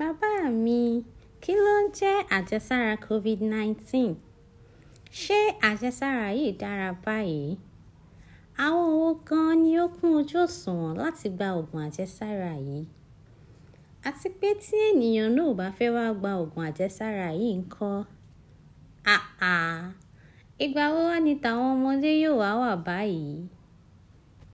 bàbá mi kí ló ń jẹ́ àjẹsára covid-19 ṣé àjẹsára yìí dára báyìí àwọn owó gan ni ó kún ojú òṣùwọ̀n láti gba oògùn àjẹsára yìí àti pé tí ènìyàn náà ò bá fẹ́ wá gba oògùn àjẹsára yìí ńkọ́ àà ìgbà wo wá ni tàwọn ọmọdé yóò wá wà báyìí